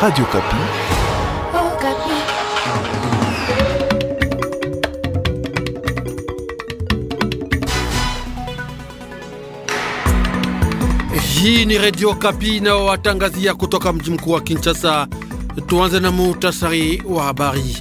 Radio Kapi. Oh, Kapi. Hii ni Radio Kapi watangazia kutoka mji mkuu wa Kinshasa. Tuanze na muhtasari wa habari.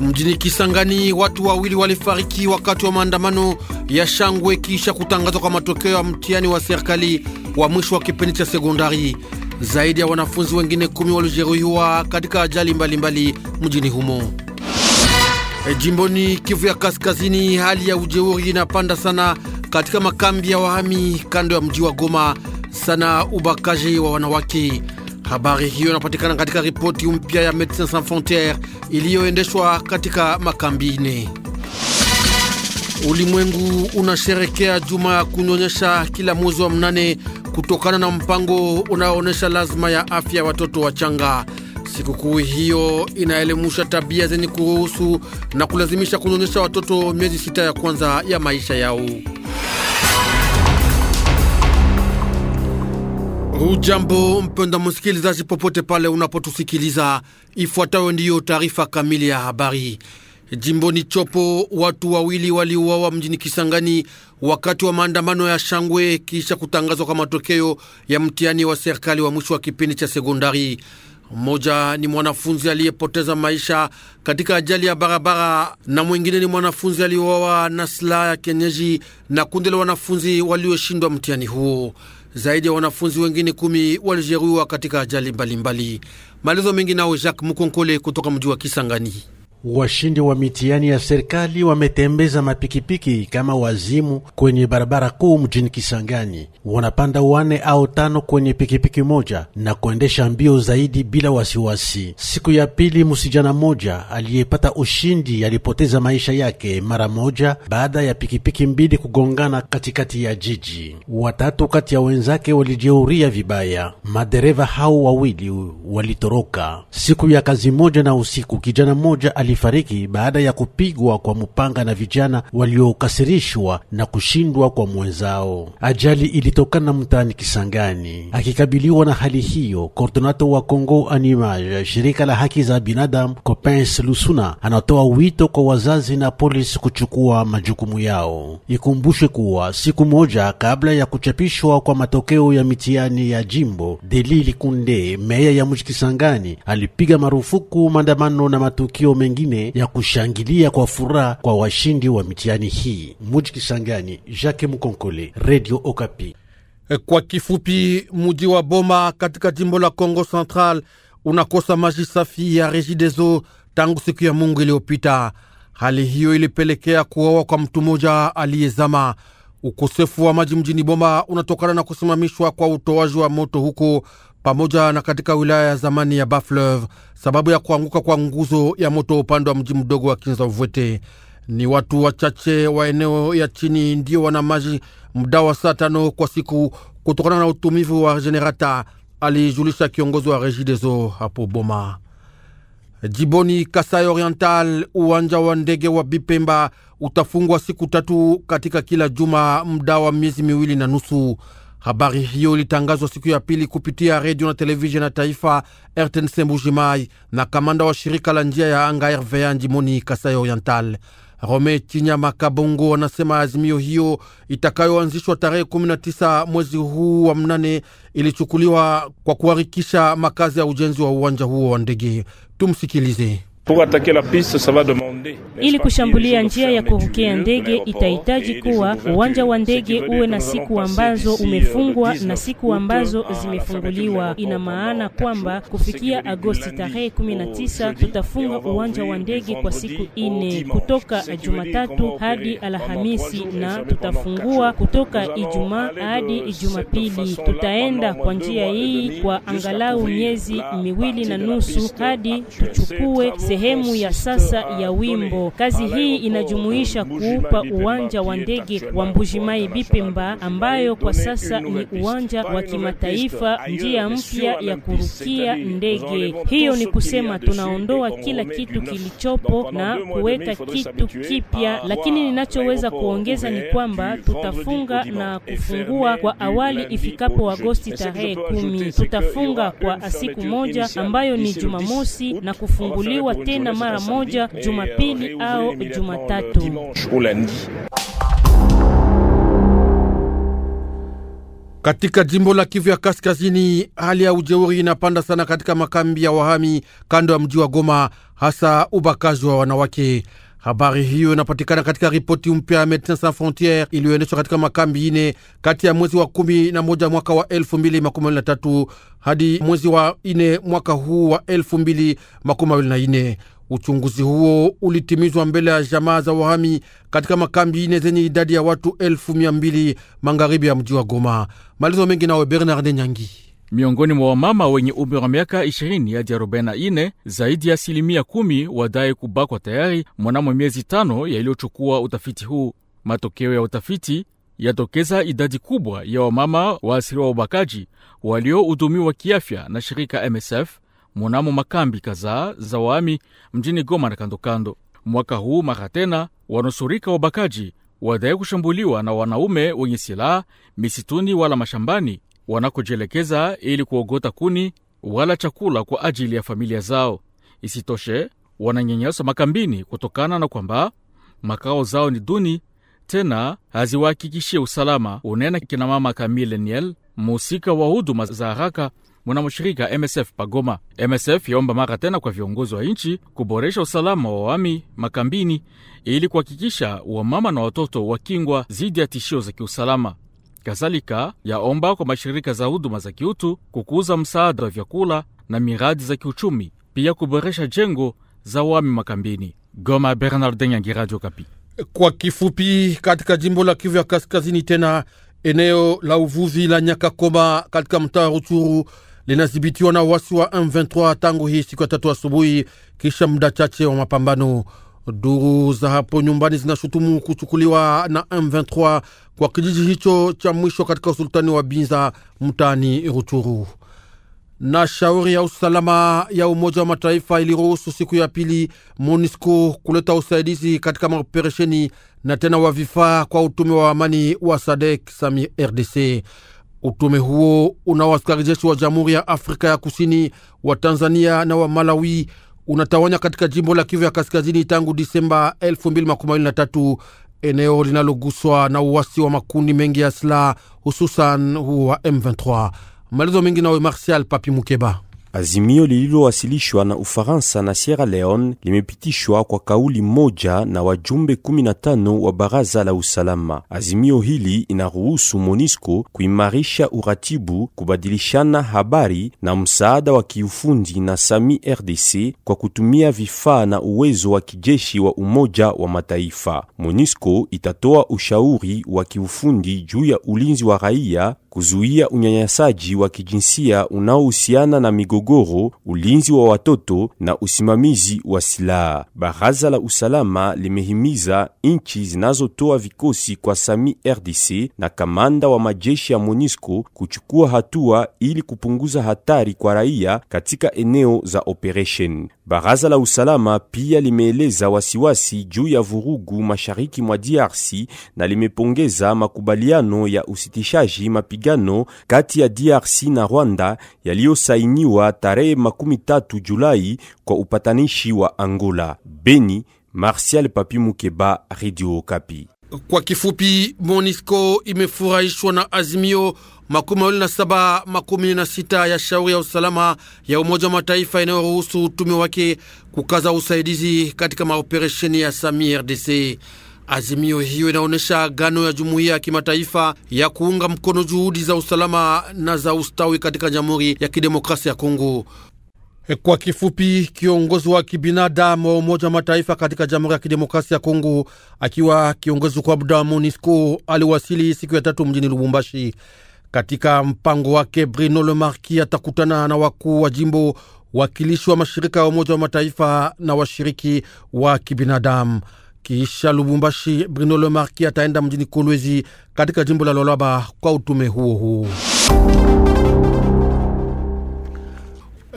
Mjini Kisangani watu wawili walifariki wakati wa maandamano ya shangwe kisha kutangazwa kwa matokeo ya mtihani wa serikali wa mwisho wa kipindi cha sekondari. Zaidi ya wanafunzi wengine kumi walijeruhiwa katika ajali mbalimbali mjini humo. E, jimboni Kivu ya Kaskazini, hali ya ujeuri inapanda sana katika makambi ya wahami kando ya mji wa Goma, sana ubakaji wa wanawake. Habari hiyo inapatikana katika ripoti mpya ya Medecins Sans Frontieres iliyoendeshwa katika makambi ine. Ulimwengu unasherekea juma ya kunyonyesha kila mwezi wa mnane kutokana na mpango unaoonyesha lazima ya afya ya watoto wachanga. Sikukuu hiyo inaelimusha tabia zenye kuruhusu na kulazimisha kunyonyesha watoto miezi sita ya kwanza ya maisha yao. ujambo mpenda msikilizaji, popote pale unapotusikiliza, ifuatayo ndiyo taarifa kamili ya habari. Jimboni Chopo, watu wawili waliuawa mjini Kisangani wakati wa maandamano ya shangwe kisha kutangazwa kwa matokeo ya mtihani wa serikali wa mwisho wa kipindi cha sekondari. Mmoja ni mwanafunzi aliyepoteza maisha katika ajali ya barabara na mwingine ni mwanafunzi aliyowawa na silaha ya kienyeji na kundi la wanafunzi walioshindwa mtihani huo. Zaidi ya wanafunzi wengine kumi walijeruhiwa katika ajali mbalimbali. Maelezo mengi nao Jacques Mukonkole kutoka mji wa Kisangani. Washindi wa mitihani ya serikali wametembeza mapikipiki kama wazimu kwenye barabara kuu mjini Kisangani. Wanapanda wane au tano kwenye pikipiki moja na kuendesha mbio zaidi bila wasiwasi. Siku ya pili, msijana mmoja aliyepata ushindi alipoteza maisha yake mara moja baada ya pikipiki mbili kugongana katikati ya jiji. Watatu kati ya wenzake walijeuria vibaya, madereva hao wawili walitoroka. Siku ya kazi moja na usiku, kijana mmoja ali ilifariki baada ya kupigwa kwa mupanga na vijana waliokasirishwa na kushindwa kwa mwenzao. Ajali ilitokana mtaani Kisangani. Akikabiliwa na hali hiyo, kordonato wa congo Animal, shirika la haki za binadamu Copens Lusuna, anatoa wito kwa wazazi na polisi kuchukua majukumu yao. Ikumbushwe kuwa siku moja kabla ya kuchapishwa kwa matokeo ya mitihani ya jimbo, Delili Kunde, meya ya mji Kisangani, alipiga marufuku maandamano na matukio mengi mengine ya kushangilia kwa furaha kwa washindi wa mitihani hii. Muji Kisangani, Jacques Mukonkole, Radio Okapi. Kwa kifupi, muji wa Boma katika jimbo la congo Central unakosa maji safi ya Regideso tangu siku ya Mungu iliyopita. Hali hiyo ilipelekea kuoa kwa mtu mmoja aliyezama. Ukosefu wa maji mjini Boma unatokana na kusimamishwa kwa utoaji wa moto huko pamoja na katika wilaya ya zamani ya Bafleuve sababu ya kuanguka kwa nguzo ya moto upande wa mji mdogo wa Kinza Uvwete. Ni watu wachache wa eneo ya chini ndio wana maji mda wa saa tano kwa siku kutokana na utumivu wa jenerata, alijulisha kiongozi wa Regideso hapo Boma. Jiboni Kasai Oriental, uwanja wa ndege wa Bipemba utafungwa siku tatu katika kila juma mda wa miezi miwili na nusu. Habari hiyo ilitangazwa siku ya pili kupitia redio na televisheni ya taifa RTNC Mbujimai na kamanda wa shirika la njia ya anga RVA jimoni Kasai Oriental Rome Chinyama Kabongo anasema azimio hiyo itakayoanzishwa tarehe 19 mwezi huu wa mnane ilichukuliwa kwa kuharikisha makazi ya ujenzi wa uwanja huo wa ndege. Tumsikilize. Ili kushambulia njia ya kurukia ndege itahitaji kuwa uwanja wa ndege uwe na siku ambazo umefungwa euh, na siku ambazo zimefunguliwa. Ina maana kwamba kufikia Agosti tarehe 19 tutafunga uwanja wa ndege kwa siku ine kutoka Jumatatu hadi Alhamisi na tutafungua kutoka Ijumaa hadi Jumapili. Tutaenda kwa njia hii kwa angalau miezi miwili na nusu hadi tuchukue sehemu ya sasa ya wimbo. Kazi hii inajumuisha kuupa uwanja wa ndege wa Mbujimai Bipemba, ambayo kwa sasa ni uwanja wa kimataifa, njia mpya ya kurukia ndege. Hiyo ni kusema tunaondoa kila kitu kilichopo na kuweka kitu kipya, lakini ninachoweza kuongeza ni kwamba tutafunga na kufungua kwa awali ifikapo Agosti tarehe kumi. Tutafunga kwa siku moja ambayo ni Jumamosi na kufunguliwa tena mara moja Jumapili au Jumatatu. Katika jimbo la Kivu ya Kaskazini, hali ya ujeuri inapanda sana katika makambi ya wahami kando ya mji wa Goma, hasa ubakaji wa wanawake. Habari hiyo inapatikana katika ripoti mpya ya Medecins Sans Frontieres iliyoendeshwa katika makambi ine kati ya mwezi wa kumi na moja mwaka wa elfu mbili makumi mawili na tatu hadi mwezi wa ine mwaka huu wa elfu mbili makumi mawili na ine. Uchunguzi huo ulitimizwa mbele ya jamaa za wahami katika makambi ine zenye idadi ya watu elfu mia mbili magharibi ya mji wa Goma. Malizo mengi nawe Bernard Nyangi. Miongoni mwa wamama wenye umri wa miaka 20 hadi 44, zaidi ya asilimia 10 wadai kubakwa tayari mwanamo miezi tano yaliyochukua utafiti huu. Matokeo ya utafiti yatokeza idadi kubwa ya wamama waasiriwa ubakaji waliohudumiwa kiafya na shirika MSF mwanamo makambi kadhaa za waami mjini Goma na kandokando. Mwaka huu mara tena wanusurika ubakaji wadai kushambuliwa na wanaume wenye silaha misituni wala mashambani wanakojielekeza ili kuogota kuni wala chakula kwa ajili ya familia zao. Isitoshe, wananyanyaswa makambini kutokana na kwamba makao zao ni duni, tena haziwahakikishie usalama, unena kinamama Camille Niel, muhusika wa huduma za haraka mwana MSF Pagoma. MSF yaomba mara tena kwa viongozi wa nchi kuboresha usalama wa wami makambini ili kuhakikisha wamama na watoto wakingwa dhidi ya tishio za kiusalama. Kadhalika yaomba kwa mashirika za huduma za kiutu kukuza msaada wa vyakula na miradi za kiuchumi, pia kuboresha jengo za wami makambini. Goma, Bernardin Nyangi, Radio Kapi. Kwa kifupi, katika jimbo la Kivu ya Kaskazini, tena eneo la uvuvi la Nyakakoma katika mtaa Ruchuru linadhibitiwa na wasi wa M23 tangu hii siku ya tatu asubuhi, kisha muda chache wa mapambano. Duru za hapo nyumbani zinashutumu kuchukuliwa na M23 kwa kijiji hicho cha mwisho katika usultani wa Binza mtaani Ruchuru. Na shauri ya usalama ya Umoja wa Mataifa iliruhusu siku ya pili MONUSCO kuleta usaidizi katika maoperesheni na tena wa vifaa kwa utume wa amani wa Sadek Sami RDC. Utume huo una askari jeshi wa Jamhuri ya Afrika ya Kusini, wa Tanzania na wa Malawi unatawanya katika jimbo la Kivu ya Kaskazini tangu Disemba 2023, eneo linaloguswa na uwasi wa makundi mengi ya silaha hususan huu wa M23. Maelezo mengi nawe Martial Papi Mukeba. Azimio lililowasilishwa na Ufaransa na Sierra Leone limepitishwa kwa kauli moja na wajumbe 15 wa Baraza la Usalama. Azimio hili inaruhusu MONUSCO kuimarisha uratibu, kubadilishana habari na msaada wa kiufundi na SAMI RDC kwa kutumia vifaa na uwezo wa kijeshi wa Umoja wa Mataifa. MONUSCO itatoa ushauri wa kiufundi juu ya ulinzi wa raia kuzuia unyanyasaji wa kijinsia unaohusiana na migogoro, ulinzi wa watoto na usimamizi wa silaha. Baraza la usalama limehimiza nchi zinazotoa vikosi kwa Sami RDC na kamanda wa majeshi ya MONUSCO kuchukua hatua ili kupunguza hatari kwa raia katika eneo za operation. Baraza la usalama pia limeeleza wasiwasi juu ya vurugu mashariki mwa DRC na limepongeza makubaliano ya usitishaji mapigano kati ya DRC na Rwanda yaliyosainiwa tarehe 13 Julai kwa upatanishi wa Angola. Beni, Martial Papi Mukeba, Radio Okapi. Kwa kifupi, MONUSCO imefurahishwa na azimio makumi mawili na saba makumi na sita ya shauri ya usalama ya Umoja wa Mataifa inayoruhusu utume wake kukaza usaidizi katika maoperesheni ya Sami RDC. Azimio hiyo inaonyesha agano ya jumuiya ya kimataifa ya kuunga mkono juhudi za usalama na za ustawi katika Jamhuri ya Kidemokrasia ya Kongo. Eh, kwa kifupi, kiongozi wa kibinadamu wa Umoja wa Mataifa katika Jamhuri ya Kidemokrasia ya Kongo akiwa kiongozi kwa muda wa MONUSCO aliwasili siku ya tatu mjini Lubumbashi. Katika mpango wake, Bruno Le Marquis atakutana na wakuu wa jimbo, wakilishi wa mashirika ya Umoja wa Mataifa na washiriki wa kibinadamu. Kisha Lubumbashi, Bruno Le Marquis ataenda mjini Kolwezi katika jimbo la Lwalaba kwa utume huo huo.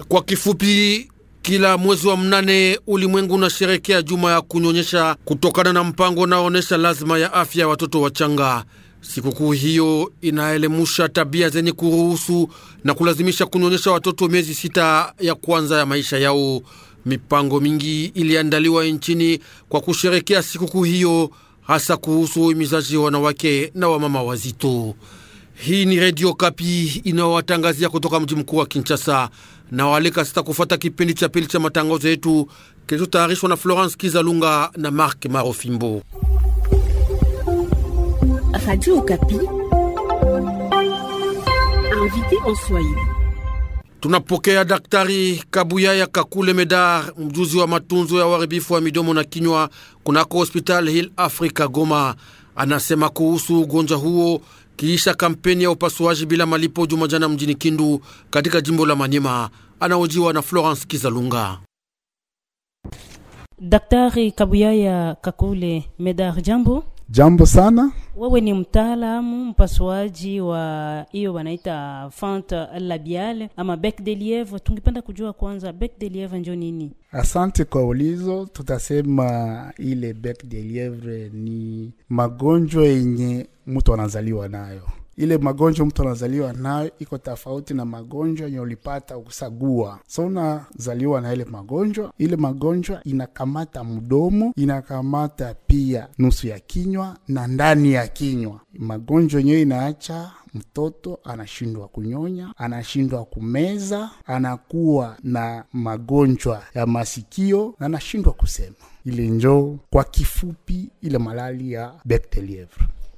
Kwa kifupi, kila mwezi wa mnane ulimwengu unasherekea juma ya kunyonyesha kutokana na mpango unaoonyesha lazima ya afya ya watoto wachanga. Sikukuu hiyo inaelemusha tabia zenye kuruhusu na kulazimisha kunyonyesha watoto miezi sita ya kwanza ya maisha yao. Mipango mingi iliandaliwa nchini kwa kusherekea sikukuu hiyo, hasa kuhusu uhimizaji wa wanawake na wamama wazito. Hii ni Redio Kapi inayowatangazia kutoka mji mkuu wa Kinshasa na waalika sita kufuata kipindi cha pili cha matangazo yetu kilichotayarishwa na Florence Kizalunga na Mark Marofimbo. Tunapokea Daktari Kabuyaya Kakule Medar, mjuzi wa matunzo ya uharibifu wa midomo na kinywa kunako Hospital Hill Africa Goma. Anasema kuhusu ugonjwa huo kiisha kampeni ya upasuaji bila malipo juma jana mjini Kindu katika jimbo la Manyema. Anaojiwa na Florence Kizalunga. Daktari Kabuyaya Kakule Medar, jambo Jambo sana. Wewe ni mtaalamu mpasuaji wa hiyo wanaita fente labiale ama bec de lievre. Tungependa kujua kwanza bec de lievre njo nini? Asante kwa ulizo. Tutasema ile bec de lievre ni magonjwa yenye mtu anazaliwa nayo ile magonjwa mtu anazaliwa nayo iko tofauti na magonjwa yenye ulipata ukusagua. So unazaliwa na ile magonjwa, ile magonjwa inakamata mdomo, inakamata pia nusu ya kinywa na ndani ya kinywa. Magonjwa yenyewe inaacha mtoto anashindwa kunyonya, anashindwa kumeza, anakuwa na magonjwa ya masikio na anashindwa kusema. Ile njoo kwa kifupi ile malali ya becq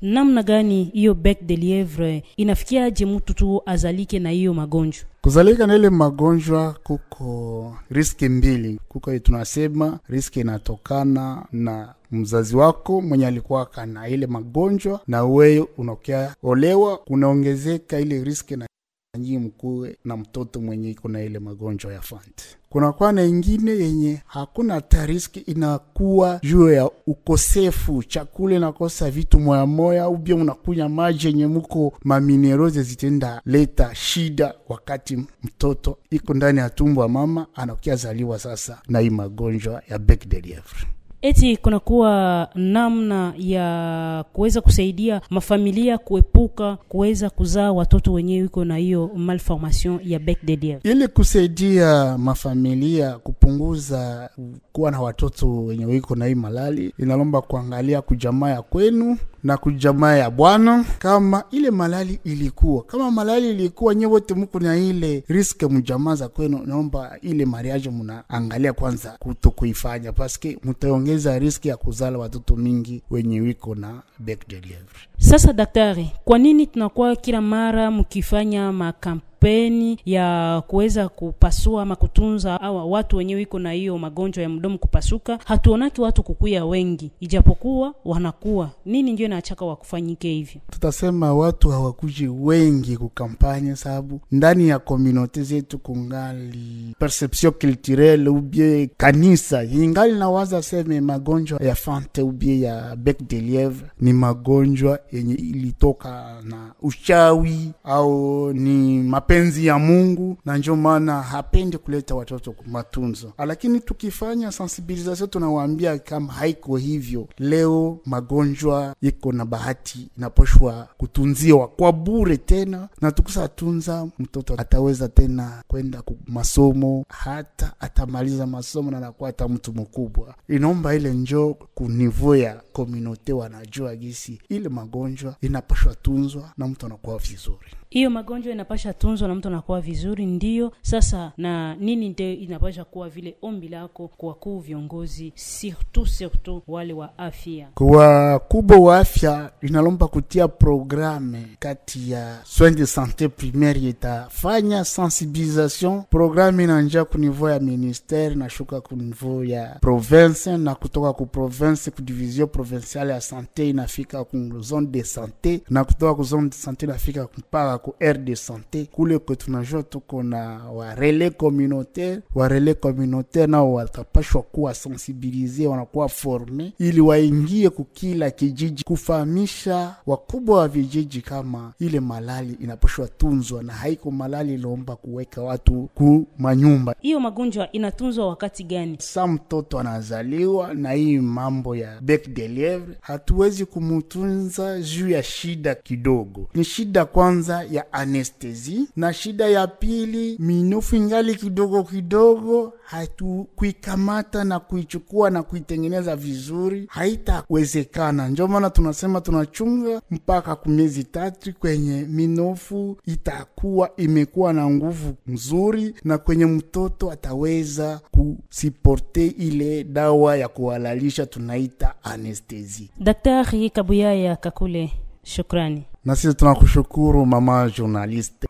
namna gani hiyo bec de lievre inafikiaje mtu tu azalike na hiyo magonjwa? Kuzalika na ile magonjwa kuko riski mbili. Kuko tunasema riski inatokana na mzazi wako mwenye alikuwa kana ile magonjwa na wewe unakia olewa, kunaongezeka ile riski na nyi mkuwe na mtoto mwenye iko na ile magonjwa ya kuna Kunakuwa na ingine yenye hakuna tariski inakuwa juu ya ukosefu chakula, inakosa vitu moyamoya, ubia unakunya maji yenye muko maminerose zitenda leta shida wakati mtoto iko ndani ya tumbo ya mama anakiazaliwa sasa na hii magonjwa ya bec de lievre eti kunakuwa namna ya kuweza kusaidia mafamilia kuepuka kuweza kuzaa watoto wenyewe iko na hiyo malformation ya bec de lievre, ili kusaidia mafamilia kupunguza kuwa na watoto wenye wiko na hii malali, inalomba kuangalia kujamaa ya kwenu na kujamaa ya Bwana kama ile malali ilikuwa, kama malali ilikuwa, nye wote muko na ile riske mjamaa za kwenu. Naomba ile mariage munaangalia kwanza kuto kuifanya, paske mutaongeza riski ya kuzala watoto mingi wenye wiko na bec de lievre. Sasa daktari, kwa nini tunakuwa kila mara mkifanya makamp peni ya kuweza kupasua ama kutunza awa watu wenyewe iko na hiyo magonjwa ya mdomo kupasuka, hatuonaki watu kukuya wengi, ijapokuwa wanakuwa nini, ndio inaachaka wakufanyike hivyo. Tutasema watu hawakuji wengi kukampanya, sababu ndani ya komunote zetu kungali perception culturelle ubie kanisa ingali nawaza seme magonjwa ya fante ubie ya bec de lievre ni magonjwa yenye ilitoka na uchawi au ni mapenzi mapenzi ya Mungu, na ndio maana hapendi kuleta watoto matunzo. Ah, lakini tukifanya sensibilizasio, tunawaambia kama haiko hivyo, leo magonjwa iko na bahati inaposhwa kutunziwa kwa bure tena, na tukusatunza mtoto ataweza tena kwenda masomo, hata atamaliza masomo na anakuwa hata mtu mkubwa. Inaomba ile njo kunivo ya komunote wanajua gisi ile magonjwa inapashwa tunzwa na mtu anakuwa vizuri hiyo magonjwa inapasha tunzwa na mtu anakuwa vizuri, ndiyo sasa na nini ndio inapasha kuwa vile ombi lako kwa kuu viongozi, surtout surtout wale wa afya, kwa kubwa wa afya inalomba kutia programme kati ya soin de sante primaire, itafanya sensibilisation programme inanjia ku niveau ya ministere nashuka ku niveau ya province na kutoka ku province ku division provinciale ya sante inafika ku zone de sante na kutoka ku zone de sante inafika mpaka ko aire de santé kule kwetu tuko na warele communautaire warele communautaire nao watapashwa kuwa sensibilize, wanakuwa forme ili waingie kukila kijiji kufahamisha wakubwa wa vijiji kama ile malali inapashwa tunzwa na haiko malali ilomba kuweka watu ku manyumba. Hiyo magonjwa inatunzwa wakati gani? Sa mtoto anazaliwa na hii mambo ya bec de lievre, hatuwezi kumutunza juu ya shida kidogo, ni shida kwanza ya anestezi, na shida ya pili minofu ingali kidogo kidogo, hatukuikamata na kuichukua na kuitengeneza vizuri, haitawezekana. Ndio maana tunasema tunachunga mpaka kumiezi tatu kwenye minofu itakuwa imekuwa na nguvu nzuri, na kwenye mtoto ataweza kusiporte ile dawa ya kuhalalisha tunaita anestezi. Daktari Kabuyaya Kakule, shukrani na sisi tunakushukuru mama journaliste.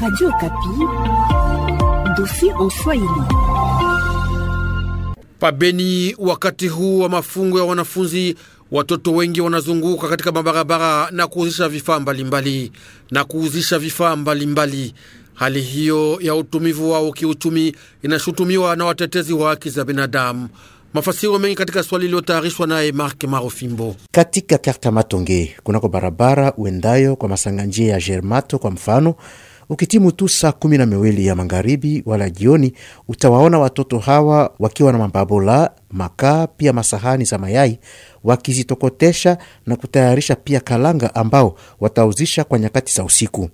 Radio Kapi, dofi en Swahili. Pabeni, wakati huu wa mafungo ya wanafunzi, watoto wengi wanazunguka katika mabarabara na kuuzisha vifaa mbalimbali na kuuzisha vifaa mbalimbali. Hali hiyo ya utumivu wao kiuchumi inashutumiwa na watetezi wa haki za binadamu. Mafasiro mengi katika swali iliyotayarishwa naye Mark Marofimbo. Katika karta Matonge kunako barabara uendayo kwa njia ya Germato kwa mfano, ukitimu tu saa kumi na miwili ya magharibi wala jioni, utawaona watoto hawa wakiwa na mababola makaa, pia masahani za mayai, wakizitokotesha na kutayarisha pia kalanga ambao watauzisha kwa nyakati za usiku.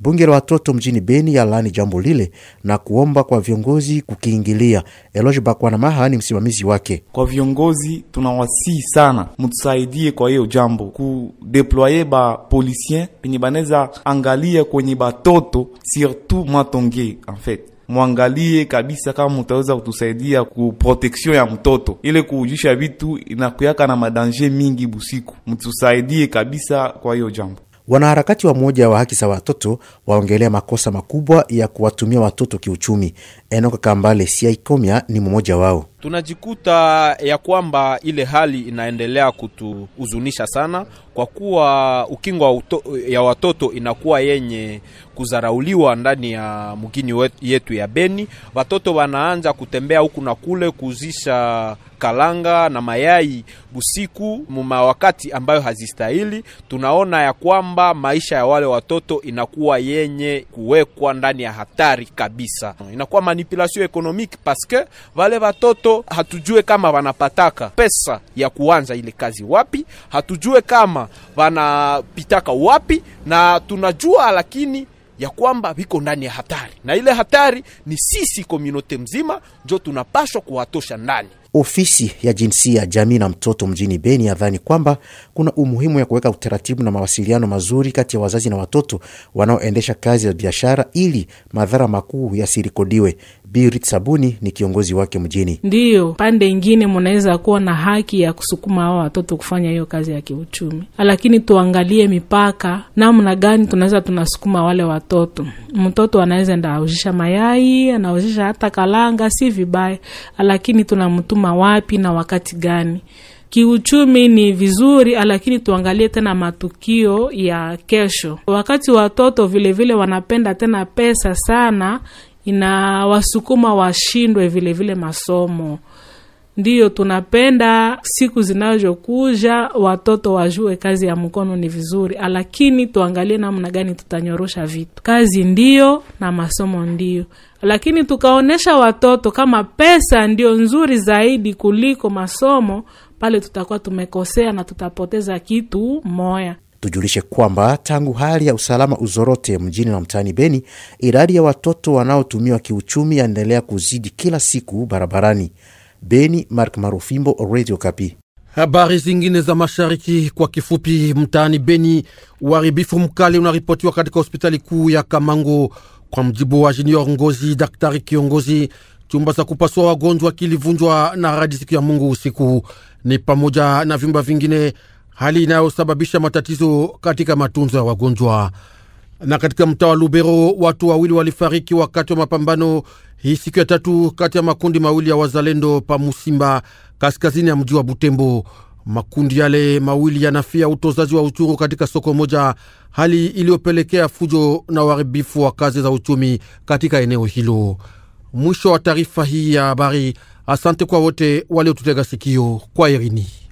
Bunge la watoto mjini Beni ya lani jambo lile na kuomba kwa viongozi kukiingilia. Eloge Bakwanamaha ni msimamizi wake. Kwa viongozi tunawasihi sana, mutusaidie kwa hiyo jambo, kudeploye ba polisien penye baneza angalia kwenye batoto surtout matonge en fait mwangalie kabisa kama mutaweza kutusaidia ku protection ya mtoto, ile kuujisha vitu inakuyaka na madanje mingi busiku, mtusaidie kabisa kwa hiyo jambo. Wanaharakati wa moja wa haki za watoto waongelea makosa makubwa ya kuwatumia watoto kiuchumi. Enoka Kambale Siaikomya ni mmoja wao tunajikuta ya kwamba ile hali inaendelea kutuhuzunisha sana, kwa kuwa ukingo ya watoto inakuwa yenye kuzarauliwa ndani ya mgini yetu ya Beni. Watoto wanaanza kutembea huku na kule kuuzisha kalanga na mayai busiku muma wakati ambayo hazistahili. Tunaona ya kwamba maisha ya wale watoto inakuwa yenye kuwekwa ndani ya hatari kabisa, inakuwa manipulation economique paske wale watoto watoto, hatujue kama wanapataka pesa ya kuanza ile kazi wapi, hatujue kama wanapitaka wapi, na tunajua lakini ya kwamba viko ndani ya hatari, na ile hatari ni sisi komunote mzima njo tunapashwa kuwatosha ndani. Ofisi ya jinsia, jamii na mtoto mjini Beni yadhani kwamba kuna umuhimu ya kuweka utaratibu na mawasiliano mazuri kati ya wazazi na watoto wanaoendesha kazi ya biashara ili madhara makuu yasirikodiwe. Birit Sabuni ni kiongozi wake mjini. Ndiyo pande ingine munaweza kuwa na haki ya kusukuma hawa watoto kufanya hiyo kazi ya kiuchumi, lakini tuangalie mipaka namna gani tunaweza tunasukuma wale watoto. Mtoto anaweza enda auzisha mayai, anauzisha hata kalanga, si vibaya, lakini tunamtuma wapi na wakati gani? Kiuchumi ni vizuri, lakini tuangalie tena matukio ya kesho. Wakati watoto vilevile vile wanapenda tena pesa sana, inawasukuma washindwe vilevile masomo. Ndiyo tunapenda siku zinazokuja watoto wajue kazi ya mkono ni vizuri, lakini tuangalie namna gani tutanyorosha vitu. Kazi ndiyo na masomo ndiyo, lakini tukaonesha watoto kama pesa ndiyo nzuri zaidi kuliko masomo, pale tutakuwa tumekosea na tutapoteza kitu moya. Tujulishe kwamba tangu hali ya usalama uzorote mjini na mtaani Beni, idadi ya watoto wanaotumiwa kiuchumi yaendelea kuzidi kila siku barabarani. Beni, Mark Marufimbo, Radio Kapi. Habari zingine za mashariki kwa kifupi. Mtaani Beni, uharibifu mkali unaripotiwa katika hospitali kuu ya Kamango. Kwa mjibu wa Junior Ngozi, daktari kiongozi, chumba za kupasua wagonjwa kilivunjwa na radi siku ya Mungu usiku, ni pamoja na vyumba vingine hali inayosababisha matatizo katika matunzo ya wagonjwa. Na katika mtaa wa Lubero, watu wawili walifariki wakati wa mapambano hii siku ya tatu kati ya makundi mawili ya wazalendo pa Musimba, kaskazini ya mji wa Butembo. Makundi yale mawili yanafia utozaji wa uchuru katika soko moja, hali iliyopelekea fujo na uharibifu wa kazi za uchumi katika eneo hilo. Mwisho wa taarifa hii ya habari. Asante kwa wote waliotutega sikio. Kwa herini.